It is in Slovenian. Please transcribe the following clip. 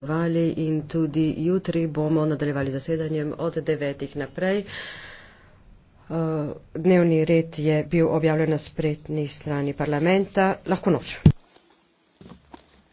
nadaljevali in tudi jutri bomo nadaljevali zasedanjem od devetih naprej. Eh, dnevni red je bil objavljen na spretni strani parlamenta. Lahko noč.